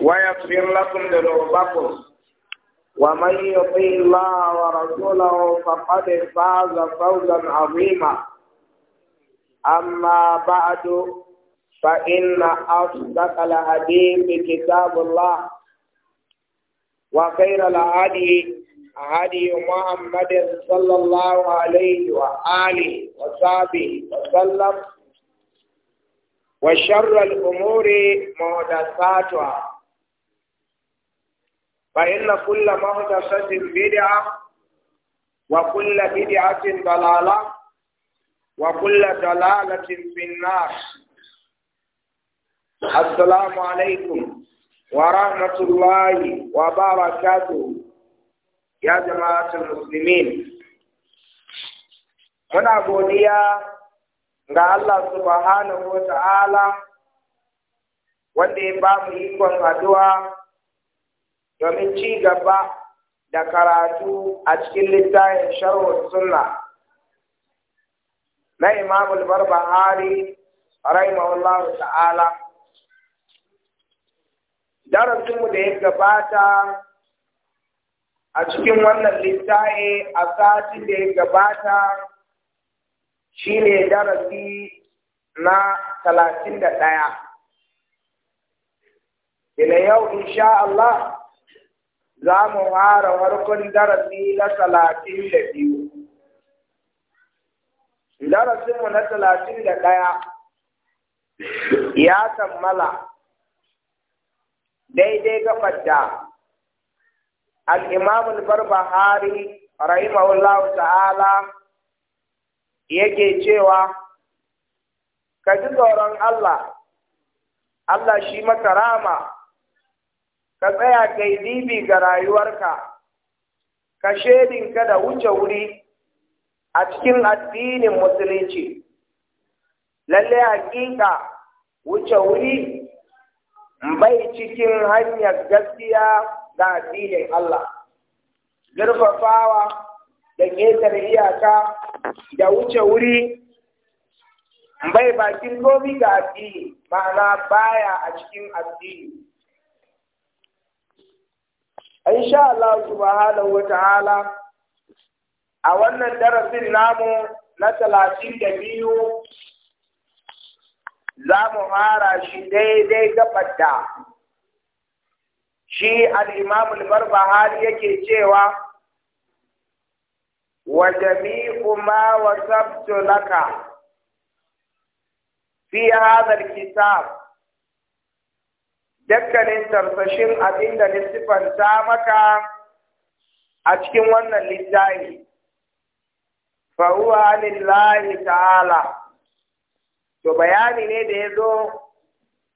ويغفر لكم ذنوبكم ومن يطع الله ورسوله فقد فاز فوزا عظيما أما بعد فإن أصدق الحديث كتاب الله وخير الهدي هدي محمد صلى الله عليه وآله وصحبه وسلم وشر الأمور محدثاتها فإن كل محدثة بدعة وكل بدعة ضلالة وكل ضلالة في النار السلام عليكم ورحمة الله وبركاته يا جماعة المسلمين muna godiya ga Allah subhanahu wa ta'ala wanda ya ba mu ikon addu'a domin ci gaba da karatu a cikin littafin sharhus sunna na imam al-barbahari rahimahullahu ta'ala Darasin mu da ya gabata a cikin wannan littafi a satin da ya gabata shine darasi na talatin da ɗaya. Ila yau insha Allah za mu fara farkon darasi na talatin da biyu. Darasinmu na talatin da ɗaya ya kammala daidai gabar da al'imamun barbahari rahimahullahu ta'ala yake cewa ka ji tsoron Allah, Allah shi maka rama ka tsaya yi dibi ga rayuwarka ka shedinka da wuce wuri a cikin addinin musulunci lalle hakika wuce wuri bai cikin hanyar gaskiya ga addinin Allah zurfafawa da ƙetare iyaka da wuce wuri bai bakin gobi ga addini ma'ana baya a cikin addini sha Allah subhanahu wa ta'ala a wannan darasin namu na talatin da biyu za mu fara shi daidai gabar da shi al'imamul barbahari yake cewa wa jami'u ma wasabtu laka fi hadha kitab dakkanin tarsashin abin da lissifanta maka a cikin wannan littafi fahuwa lillahi ta'ala to bayani ne da ya zo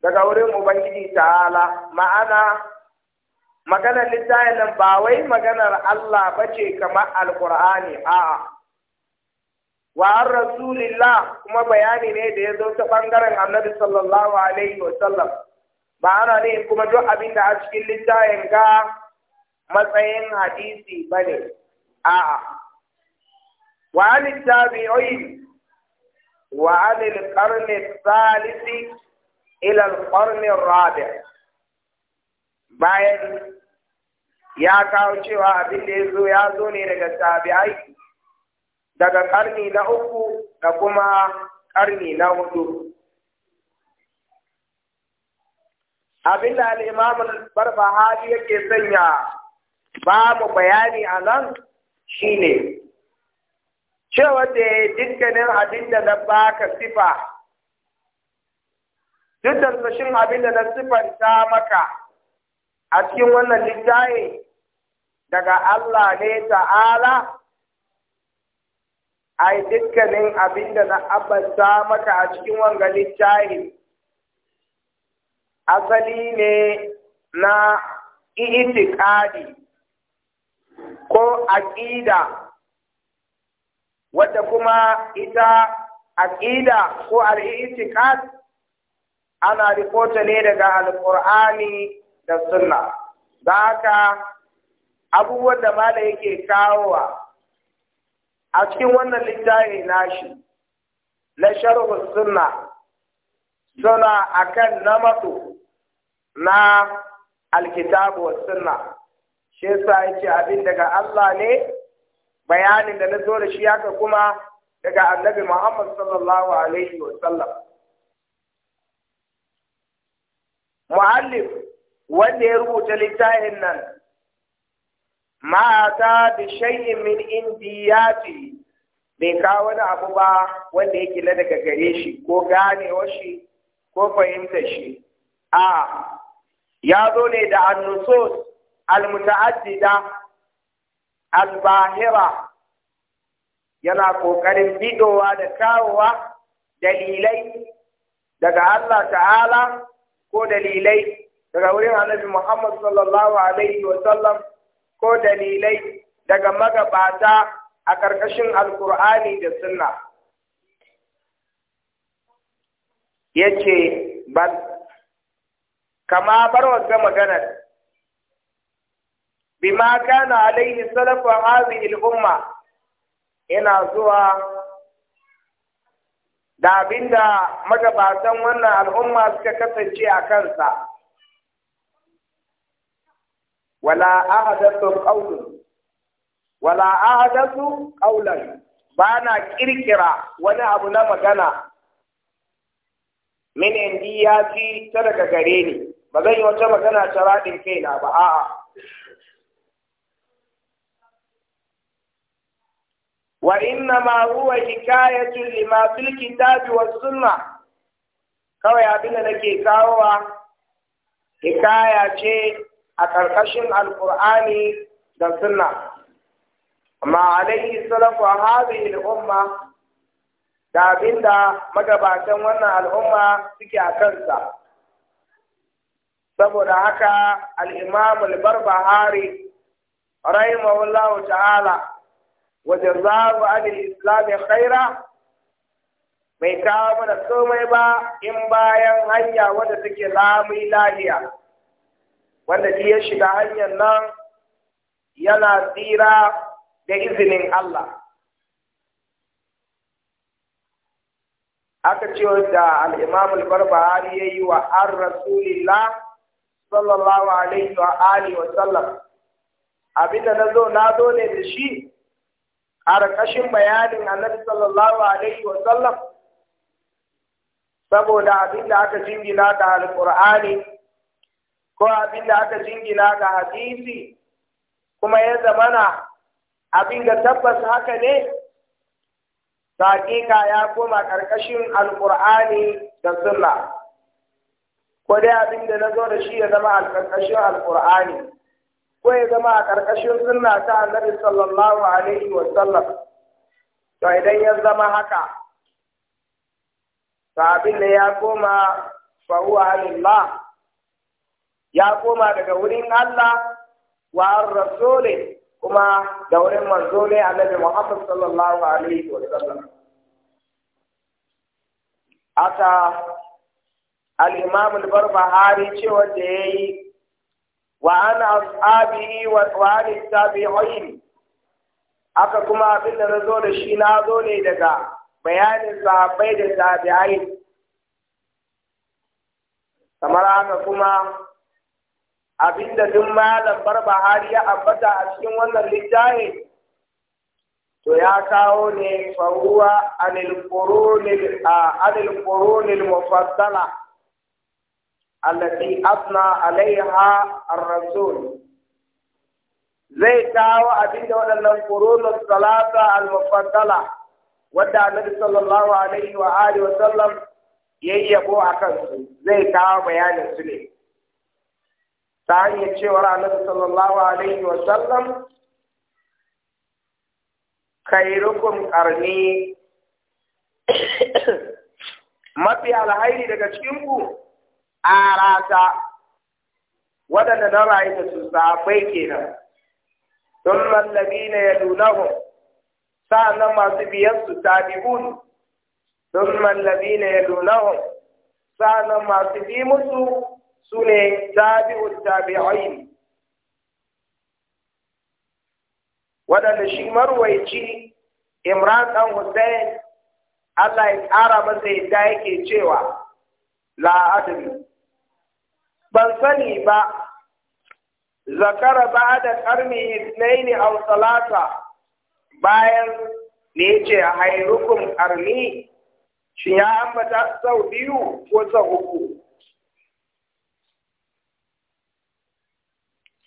daga wurin ubangiji ta'ala ma'ana maganar littafin nan ba wai maganar Allah bace ce kamar alkur'ani 'a wa rasulillah kuma bayani ne da ya zo ta ɓangaren annabi sallallahu alaihi wa ba ana ne kuma duk abin da a cikin littafin ga matsayin hadisi ba ne a'a wa anil tabi'in wa alil qarni ila al rabi' bayan ya kawo cewa abin da ya zo ya zo ne daga tabi'ai daga karni na uku da kuma karni na hudu abinda al’imamun barba hali yake sanya babu bayani a nan shine cewa da dukkanin abinda na baka sifa duk da rashin abinda na sifanta maka a cikin wannan littafi daga Allah ne ta'ala ai dukkanin abinda na abanta maka a cikin wanga littafi asali ne na itikadi ko aƙida wadda kuma ita aƙida ko al'itikad ana rikota ne daga alƙur'ani da sunna da haka abubuwan da mala yake kawowa a cikin wannan littafi nashi na sharhu sunna suna akan namatu na alkitabu wa sunna shi yasa yace abin daga Allah ne bayanin da na zo da shi haka kuma daga annabi Muhammad sallallahu alaihi wa sallam muallif wanda ya rubuta littafin nan ma ta bi shay'in min indiyati bai kawo wani abu ba wanda yake na daga gare shi ko ganewar shi ko fahimtar shi a ya zo ne da annusos al albahira yana ƙoƙarin bidowa da kawowa dalilai daga Allah ta'ala ko dalilai daga wurin annabi Muhammad sallallahu alaihi wa sallam ko dalilai daga magabata a ƙarƙashin alkur'ani da sunna yace kama bar wagga maganar bima kana alaihi salafu hadhihi al-umma ina zuwa da abinda magabatan wannan al'umma suka kasance a kansa wala ahadathu qawlun wala ahadathu qawlan bana kirkira wani abu na magana min indiya ya fi ta daga gare ni ba zan yi wata magana ta raɗin kaina ba a'a wa inna ma huwa hikayatu lima fil kitabi was sunna kawai abin da nake kawowa hikaya ce a ƙarƙashin alƙur'ani da sunna amma alaihi wa hadhihi al-umma da abinda magabatan wannan al'umma suke a kansa saboda haka al’imamu imam al-barbahari rahimahullahu ta'ala wa jazahu ahli islami khaira bai kawo mana komai ba in bayan hanya wadda take lamun lahiya wanda ya shiga hanyar nan yana tsira da izinin Allah aka ce da al-imam al-barbahari yayi wa ar rasulillah sallallahu alaihi wa alihi wa sallam abinda na zo na zo ne da shi a ƙarƙashin bayanin annabi sallallahu alaihi wa sallam saboda abinda aka jingina ga alqur'ani ko abinda aka jingina ga hadisi kuma ya zamana abinda tabbas haka ne ta ya koma ƙarƙashin alƙur'ani da sunna ko dai abin da na zo da shi ya zama a ƙarƙashin alƙur'ani ko ya zama a ƙarƙashin sunna ta annabi sallallahu alaihi wa sallam to idan ya zama haka to abin da ya koma fa huwa lillah ya koma daga wurin Allah wa rasuli kuma da wurin manzo ne annabi Muhammad sallallahu alaihi wa sallam ata al-imam al-barbahari cewa da yayi wa wa wali tabi'in aka kuma abin da nazo da shi na zo ne daga bayanin sahabbai da tabi'ai kamar haka kuma abin da duk malam barbahari ya ambata a cikin wannan littafi to ya kawo ne faruwa anil qurunil anil qurunil mufassala التي أثنى عليها الرسول zai kawo abinda waɗannan ƙurunan salata al-mufaddala wadda annabi sallallahu alaihi wa alihi wa sallam ya yabo a kansu zai kawo bayanin su ne ta hanyar cewar annabi sallallahu alaihi wa sallam mafi alhairi daga cikinku. rata, waɗanda na rayu da su sahabbai kenan don mallabi na ya sa'an sa'annan masu biyan su tabi'un don mallabi na ya sa'an sa'annan masu bi musu su ne tabi'un tabi'ai waɗanda shi marwaici imran ɗan hussein Allah ya ƙara masa yadda yake cewa la'adun ban sani ba zakara ba da karni naini a salata bayan ne ce a hairukun karni shi ya ambata sau biyu ko sau uku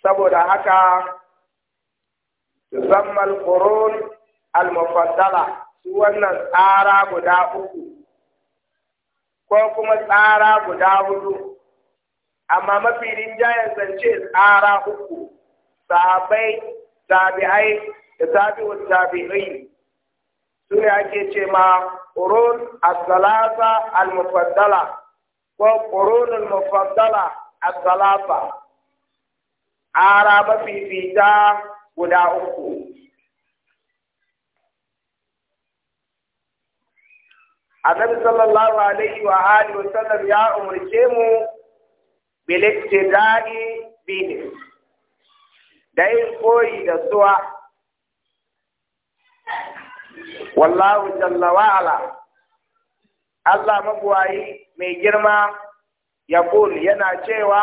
saboda haka zammal qurun al-mufaddala su wannan tsara guda uku ko kuma tsara guda hudu amma mafi rinjayen zance tsara uku sahabai tabi'ai da tabi'ut tabi'in su ne ake ce ma qurun as-salasa al-mufaddala ko qurun al-mufaddala as-salasa ara mafifita guda uku Annabi sallallahu alaihi wa alihi wa sallam ya umarce mu biliktidai bihim da yin koyi da suwa wallahu jalla wa'ala Allah mabuwayi mai girma ya yana cewa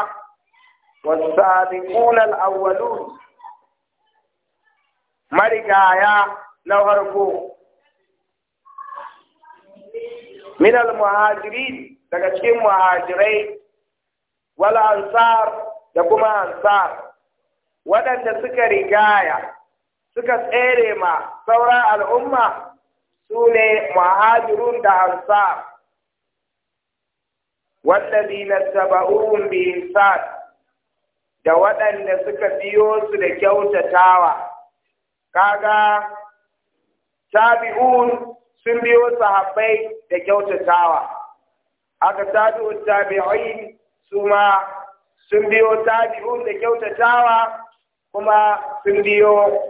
wasabiquna al marigaya na farko min al daga cikin muhajirai Wala ansar da kuma ansar waɗanda suka rigaya suka tsere ma sauran al'umma sune ne muhajirun da ansar wallazina tabauhum bi ihsan da waɗanda suka biyo su da kyautatawa kaga tabi'un sun biyo sahabbai da kyautatawa aka tabi'u tabi'in Suma sun biyo tabi'un da kyautatawa kuma sun biyo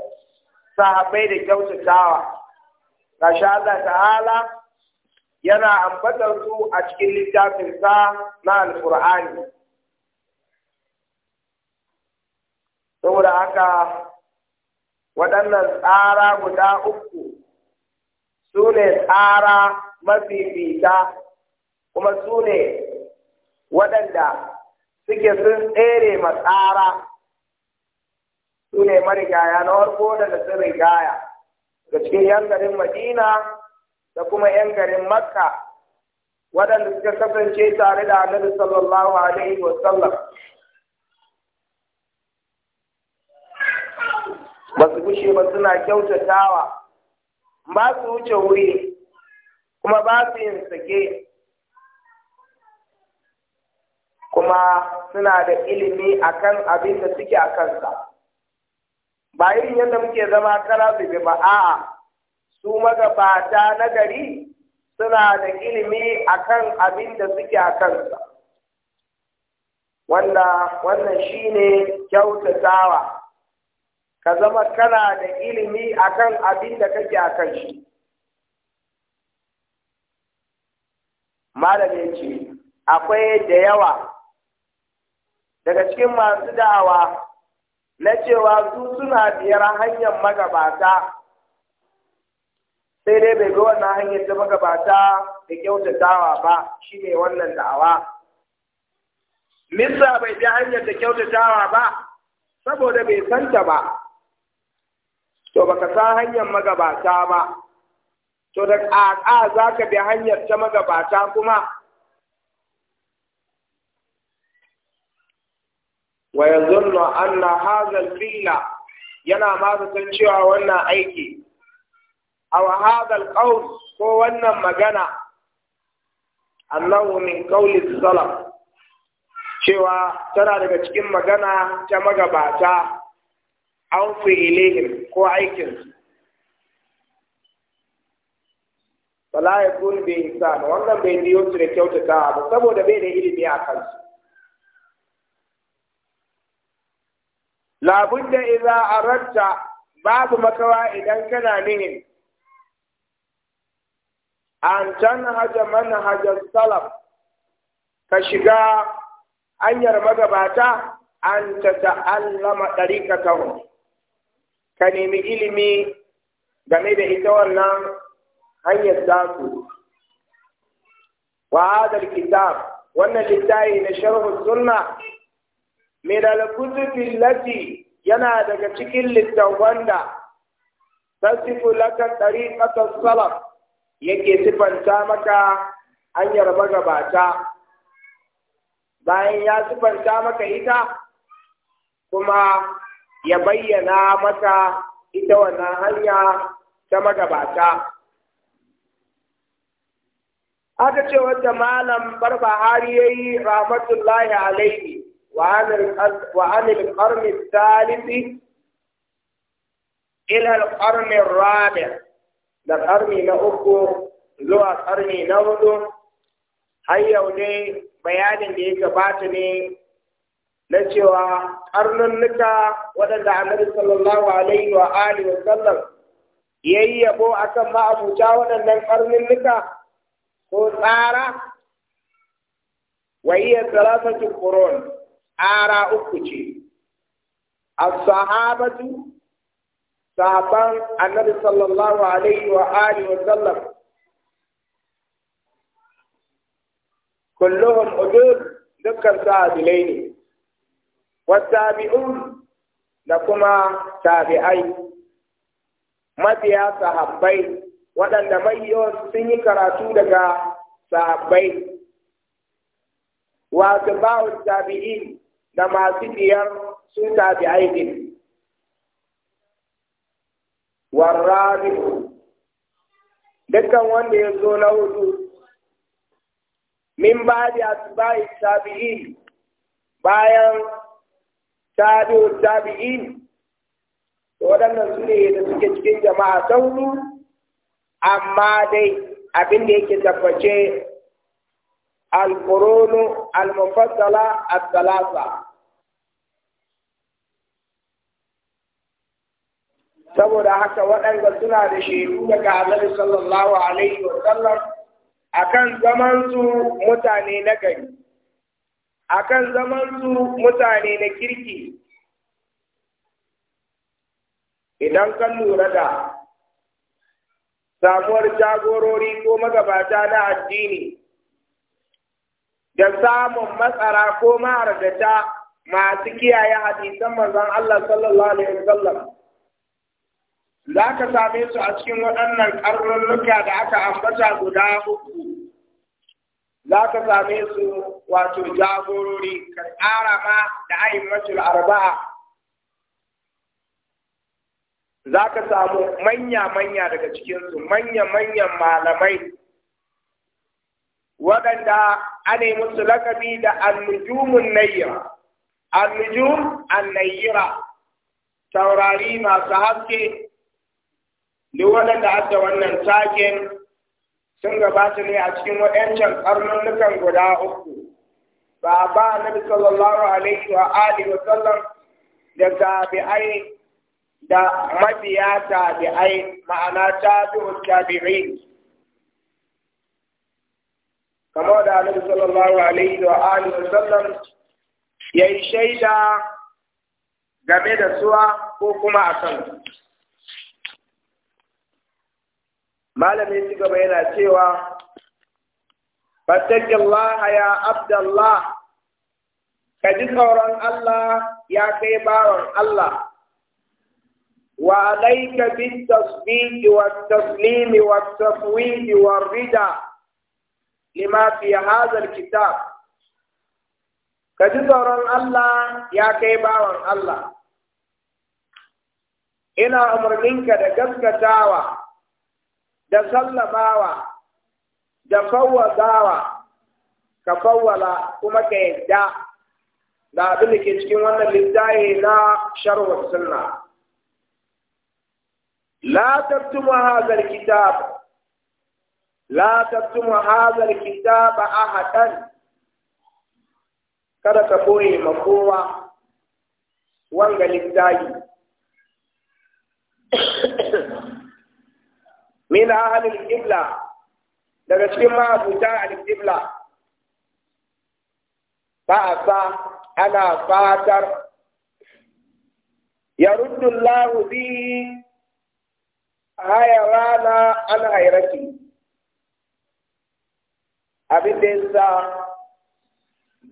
sahabbai da kyautatawa ga Allah ta'ala yana ambatar su a cikin littafinsa na alkur'ani saboda haka waɗannan tsara guda uku su ne tsara mafifita kuma su ne waɗanda suke sun tsere matsara su ne marigaya na warko da sun rigaya da cikin yan garin madina da kuma yan garin makka waɗanda suka kasance tare da annabi sallallahu alaihi wa sallam ba su gushe ba suna kyautatawa ba su wuce wuri kuma ba su yin sake kuma suna da ilimi akan abin da suke a kansa ba irin yadda muke zama kara zube ba a'a su magabata na gari suna da ilimi akan abin da suke a kansa wanda wannan shine kyautatawa ka zama kana da ilimi akan abin da kake a kan shi malamin ce akwai da yawa daga cikin masu da'awa na cewa su suna biyar hanyar magabata sai dai bai bi wannan hanyar ta magabata da kyautatawa ba shi ne wannan da'awa Misa bai bi hanyar da kyautatawa ba saboda bai santa ba to baka san hanyar magabata ba to da ƙaƙa za ka bi hanyar ta magabata kuma wa yazunnu anna hadha al-fi'la yana ma san cewa wannan aiki aw hadha al ko wannan magana annahu min qawli salaf cewa tana daga cikin magana ta magabata an fi'ilihim ko aikinsu fala ya wannan bai biyo su da kyautata ba saboda bai da ilimi a kansu labudda a aratta babu makawa idan kana nihin an tanhaja manhaja salaf ka shiga hanyar magabata an ta ta'allama ɗariƙatahu ka nemi ilimi game da ita wannan hanyar tasu wa kitab wannan littafi na sharhun sunna min al-kutubi yana daga cikin littafan da tasifu laka tariqatus salaf yake sifanta maka hanyar magabata bayan ya sifanta maka ita kuma ya bayyana maka ita wannan hanya ta magabata aka ce wata malam hari ya yi rahmatullahi alaihi وعن القرن الثالث إلى القرن الرابع القرن نأكو zuwa ƙarni na hudu har yau ne bayanin da ya gabata ne na cewa ƙarnunnuka waɗanda annabi sallallahu alaihi wa alihi wa ya yi yabo a kan ma'abuta waɗannan ƙarnunnuka ko tsara wa iya salasatu qurun ara uku ce as-sahabatu sahaban annabi sallallahu alaihi wa alihi wa sallam kulluhum udud dukkan sahabilai ne tabi'un da kuma tabi'ai mabiya sahabbai waɗanda mayyos sun yi karatu daga sahabbai wa tabi'in da masu biyar su tabi'ai aikin warrari dukkan wanda ya zo na hudu min ba da asba'i tabi'i bayan tabi'u tabi'i waɗannan su ne da suke cikin jama'a ta hudu amma dai abin da yake tabbace al-qurunu al-mufassala al-thalatha saboda haka waɗanda suna da shaidu daga annabi sallallahu alaihi wa sallam akan zaman su mutane na gari akan zaman su mutane na kirki idan kan lura da samuwar jagorori ko magabata na addini da samun matsara ko ma'argata masu kiyaye hadisan manzon Allah sallallahu alaihi wa sallam. za ka same su a cikin waɗannan ƙarnunnuka da aka ambata guda uku za ka same su wato jagorori ka ƙara ma da a'immatul arba'a za ka samu manya-manya daga cikinsu manya-manyan malamai waɗanda a ne musu lakabi da annujumun nayyira annujum annayyira taurari masu haske duk waɗanda adda wannan takin sun gabata ne a cikin waɗancan karnannukan guda uku ba ba na sallallahu alaihi wa alihi wa sallam da tabi'ai da mabiya tabi'ai ma'ana tabi'u tabi'in kamar da annabi sallallahu alaihi wa alihi wa sallam yayi shaida game da suwa ko kuma a kansu malam ya ci gaba yana cewa fattakillaha ya abdallah ka ji tsoron Allah ya kai bawan Allah wa alayka bit tasbih wa taslim wa tafwid wa rida lima fi hadha alkitab ka ji tsoron Allah ya kai bawan Allah ina umarninka da gaskatawa da sallamawa da fawwazawa ka fawwala kuma ka yadda da abin da ke cikin wannan littafi na sharhu sunna la taktumu hadha alkitab la taktumu ahadan kada ka boye ma kowa wanga littafi Mina ahalil ibla daga cikin ma'abuta al-ibla ba a sa ana fatar ya ruddullahu haya hayarana an hairaki abin da yasa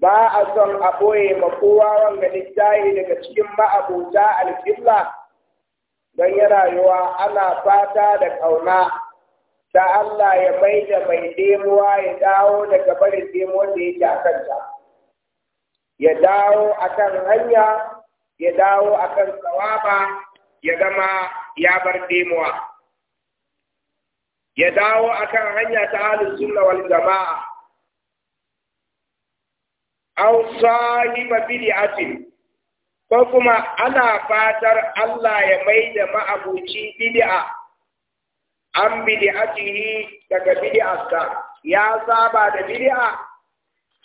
ba a son a ɓoye ma kowa wanga littafi daga cikin ma'abuta al-ibla don yi rayuwa ana fata da ƙauna ta Allah ya mai da mai demuwa ya dawo daga barin demu da yake a kanta ya dawo a kan hanya ya dawo a kan tsawaba ya gama ya bar demuwa ya dawo a kan hanya ta halin suna wal jama'a aw sahiba bid'atin ko kuma ana fatar Allah ya mai da ma'abuci bid'a an bid'atihi daga bid'arsa ya saba da bid'a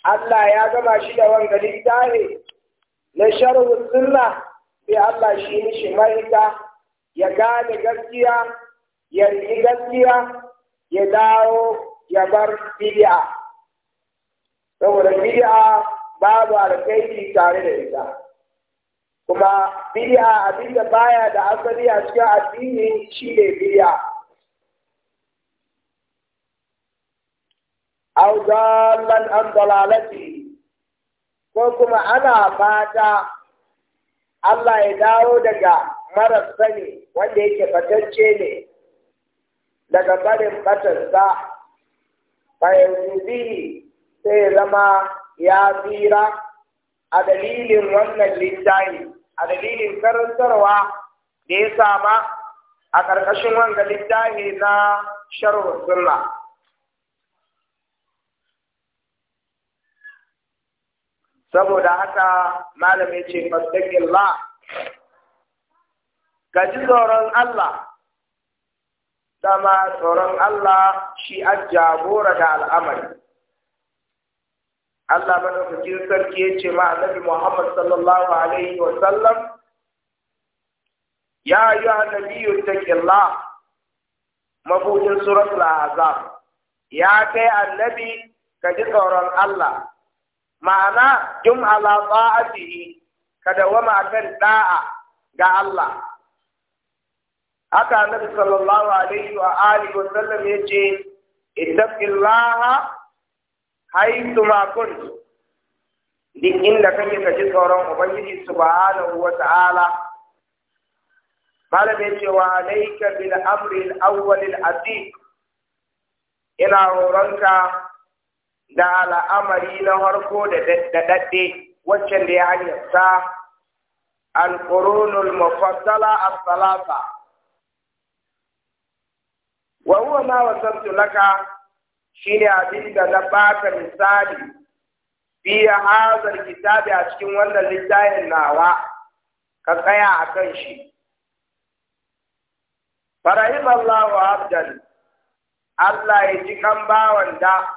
Allah ya gama shi da wanga littafi na sharhu sunna sai Allah shi mishi maita ya gane gaskiya ya yi gaskiya ya dawo ya bar bid'a saboda bid'a babu alkhairi tare da ita kuma bid'a abin da baya da asali a cikin addini shi ne bid'a aw man an dalalati ko kuma ana fata Allah ya dawo daga marar sani wanda yake fatacce ne daga barin fatarsa fayyuzihi sai zama ya tsira a dalilin wannan littafi a dalilin karantarwa da ya sama a ƙarƙashin wanga littafi na sharhu sunna saboda haka malamai ce la ka ji tsoron Allah dama tsoron Allah shi an jagora da al'amari Allah madaukakin sarki ya ce ma annabi Muhammad sallallahu alaihi wa sallam ya ayyuhan nabiyyu taqillah mabudin suratul azab ya kai annabi ka ji tsoron Allah ma'ana jum ala ta'atihi ka dawama kan da'a ga Allah haka annabi sallallahu alaihi wa alihi wa sallam yace ittaqillaha haitu ma kun duk inda kake ka ji tsoron ubangiji subhanahu wa ta'ala malamin cewa alayka bil amri al awwal al atiq ina horonka da al'amari na harko da daɗaɗɗe wacce da ya hanyarta al-qurunul mufassala as-salasa wa huwa ma laka shine abin da na baka misali biya hazar kitabi a cikin wannan littafin nawa ka tsaya a kan shi farahim Allah Allah ya ji kan da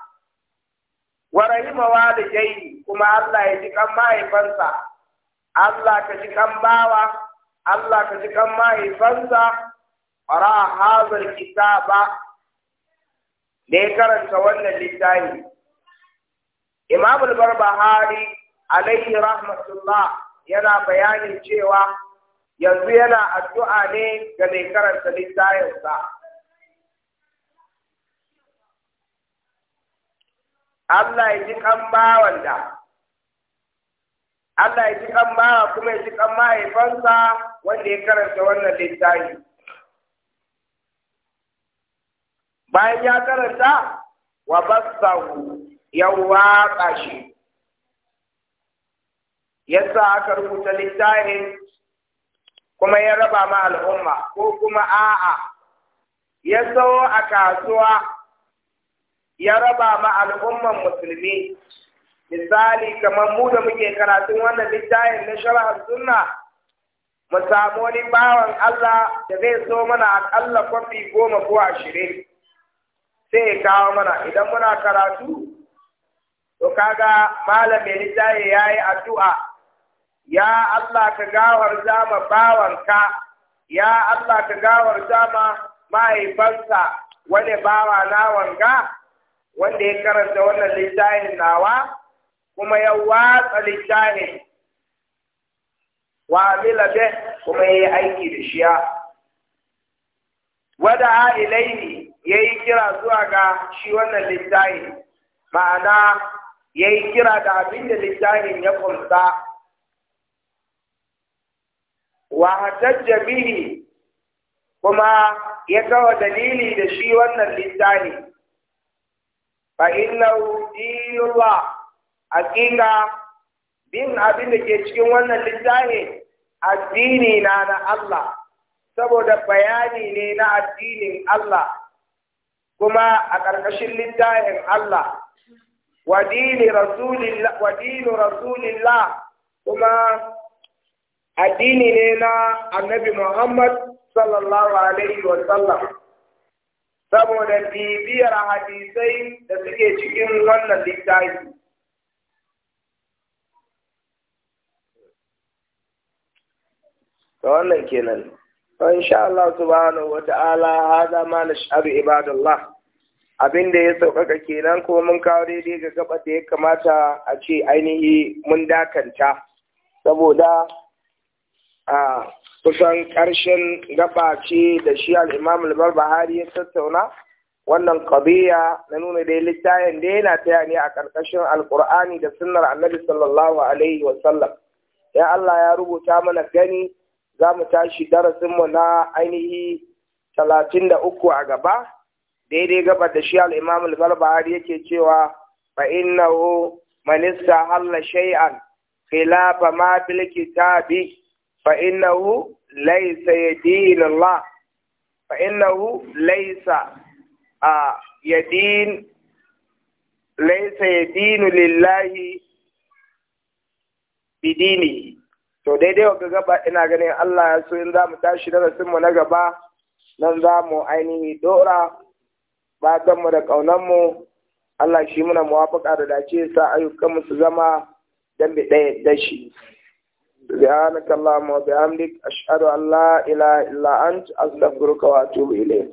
wa rahima walidai kuma Allah ya ji kan mahaifansa Allah ka ji kan bawa Allah ka ji kan mahaifansa qara hazar kitaba da ya karanta wannan littafi Imam al-Barbahari alaihi rahmatullah yana bayanin cewa yanzu yana addu'a ne ga mai karanta littafinsa Allah ya ji kan bawan da Allah ya ji kan bawa kuma ya ji kan mahaifansa wanda ya karanta wannan littafi bayan ya karanta wa bassahu ya watsa shi yasa aka rubuta littafin kuma ya raba ma al'umma ko kuma a'a ya sawo a kasuwa ya raba ma al'umman musulmi misali kamar mu da muke karatun wannan littafin na sharhar sunna mu samu wani bawan Allah da zai so mana akalla kwafi goma ko ashirin sai ya kawo mana idan muna karatu to kaga malami littafi ya yi addu'a ya Allah ka gawar zama bawanka ya Allah ka gawar zama mahaifansa wani bawa na wanga wanda ya karanta wannan littafin nawa kuma ya watsa littafin wa amila kuma ya yi aiki da shiya wada ilaini ya yi kira zuwa ga shi wannan littafi ma'ana ya yi kira da abin da littafin ya kunsa wa hatajja kuma ya kawo dalili da shi wannan littafi fa innahu a bin abin da ke cikin wannan littafi addini na na Allah saboda bayani ne na addinin Allah kuma a ƙarƙashin littafin Allah wa dini rasulillah kuma addini ne na annabi Muhammad sallallahu alaihi wa sallam saboda bibiyar hadisai da suke cikin wannan littafi wannan kenan in sha Allah subhanahu wa ta'ala hada ma ibadallah abin da ya sauƙaƙa kenan kuma mun kawo daidai ga gaba da ya kamata a ce ainihi mun dakanta saboda a kusan ƙarshen gaba ce da shi al'imam al bahari ya tattauna wannan ƙabiya na nuna dai littayen da yana taya ne a ƙarƙashin alƙur'ani da sunnar annabi sallallahu alaihi wasallam ya Allah ya rubuta mana gani za mu tashi darasinmu na ainihi talatin da uku a gaba daidai gaba da shi al’imamul al har yake cewa fa innahu manista istahalla shay'an khilafa ma fil kitabi fa laisa ya din Allah fa innahu laisa a laisa ya dinu lillahi bidinihi to daidai wa gaba ina ganin Allah ya so in za mu tashi darasin mu na gaba nan za mu ainihi dora fatan mu da kaunan mu Allah shi muna muwafaka da dace sa ayyukan mu su zama dan bi ɗaya da shi سبحانك اللهم وبحمدك أشهد أن لا إله إلا أنت أستغفرك وأتوب إليك